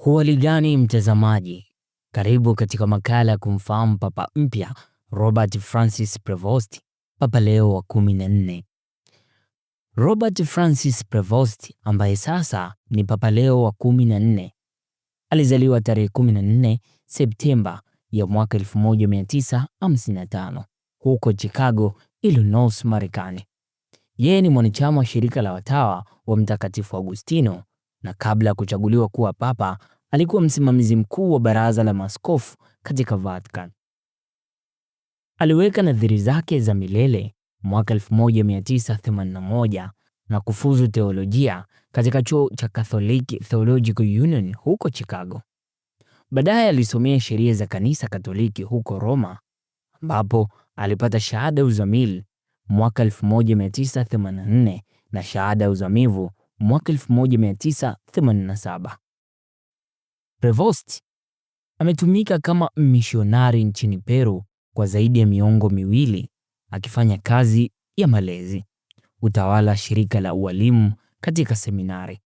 huwaligani mtazamaji, karibu katika makala ya kumfahamu papa mpya Robert Francis Prevost, Papa Leo wa 14. Robert Francis Prevost ambaye sasa ni Papa Leo wa 14 alizaliwa tarehe 14 Septemba ya mwaka 1955 huko Chicago, Illinois, Marekani. Yeye ni mwanachama wa shirika la watawa wa Mtakatifu Agustino na kabla ya kuchaguliwa kuwa papa alikuwa msimamizi mkuu wa baraza la maskofu katika Vatican. Aliweka nadhiri zake za milele mwaka 1981 na kufuzu teolojia katika chuo cha Catholic Theological Union huko Chicago. Baadaye alisomea sheria za kanisa Katoliki huko Roma ambapo alipata shahada ya uzamili mwaka 1984 na shahada ya uzamivu mwaka 1987. Prevost ametumika kama mishonari nchini Peru kwa zaidi ya miongo miwili akifanya kazi ya malezi, utawala, shirika la ualimu katika seminari.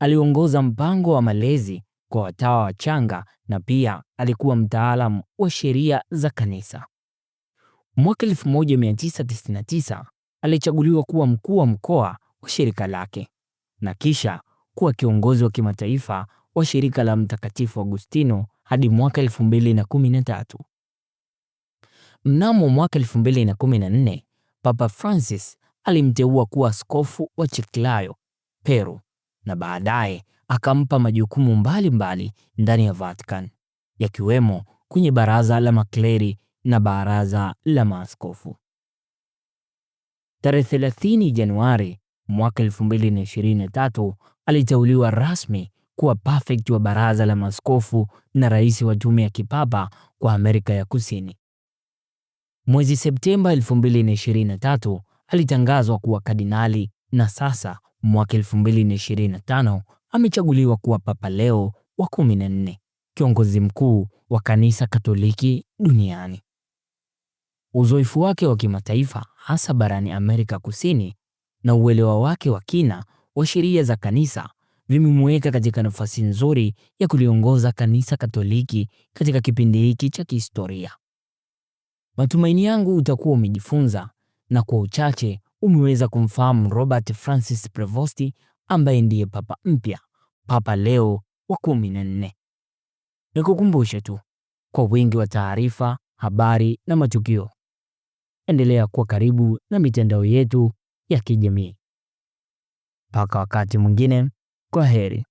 Aliongoza mpango wa malezi kwa watawa wachanga na pia alikuwa mtaalamu wa sheria za kanisa. Mwaka 1999 alichaguliwa kuwa mkuu wa mkoa wa shirika lake na kisha kuwa kiongozi wa kimataifa wa shirika la Mtakatifu Agustino hadi mwaka 2013. Mnamo mwaka 2014, Papa Francis alimteua kuwa askofu wa Chiclayo, Peru na baadaye akampa majukumu mbalimbali ndani ya Vatican yakiwemo kwenye baraza la makleri na baraza la maaskofu. Tarehe 30 Januari mwaka 2023 aliteuliwa rasmi kuwa prefect wa Baraza la maskofu na rais wa Tume ya Kipapa kwa Amerika ya Kusini. Mwezi Septemba 2023 alitangazwa kuwa kardinali na sasa mwaka 2025 amechaguliwa kuwa Papa Leo wa 14, kiongozi mkuu wa kanisa Katoliki duniani. Uzoefu wake wa kimataifa hasa barani Amerika Kusini na uelewa wake wa kina wa sheria za kanisa vimemweka katika nafasi nzuri ya kuliongoza kanisa Katoliki katika kipindi hiki cha kihistoria. Matumaini yangu utakuwa umejifunza na kwa uchache umeweza kumfahamu Robert Francis Prevost ambaye ndiye papa mpya, Papa Leo wa 14. Nikukumbushe tu kwa wingi wa taarifa, habari na matukio, endelea kuwa karibu na mitandao yetu ya kijamii. Mpaka wakati mwingine, kwa heri.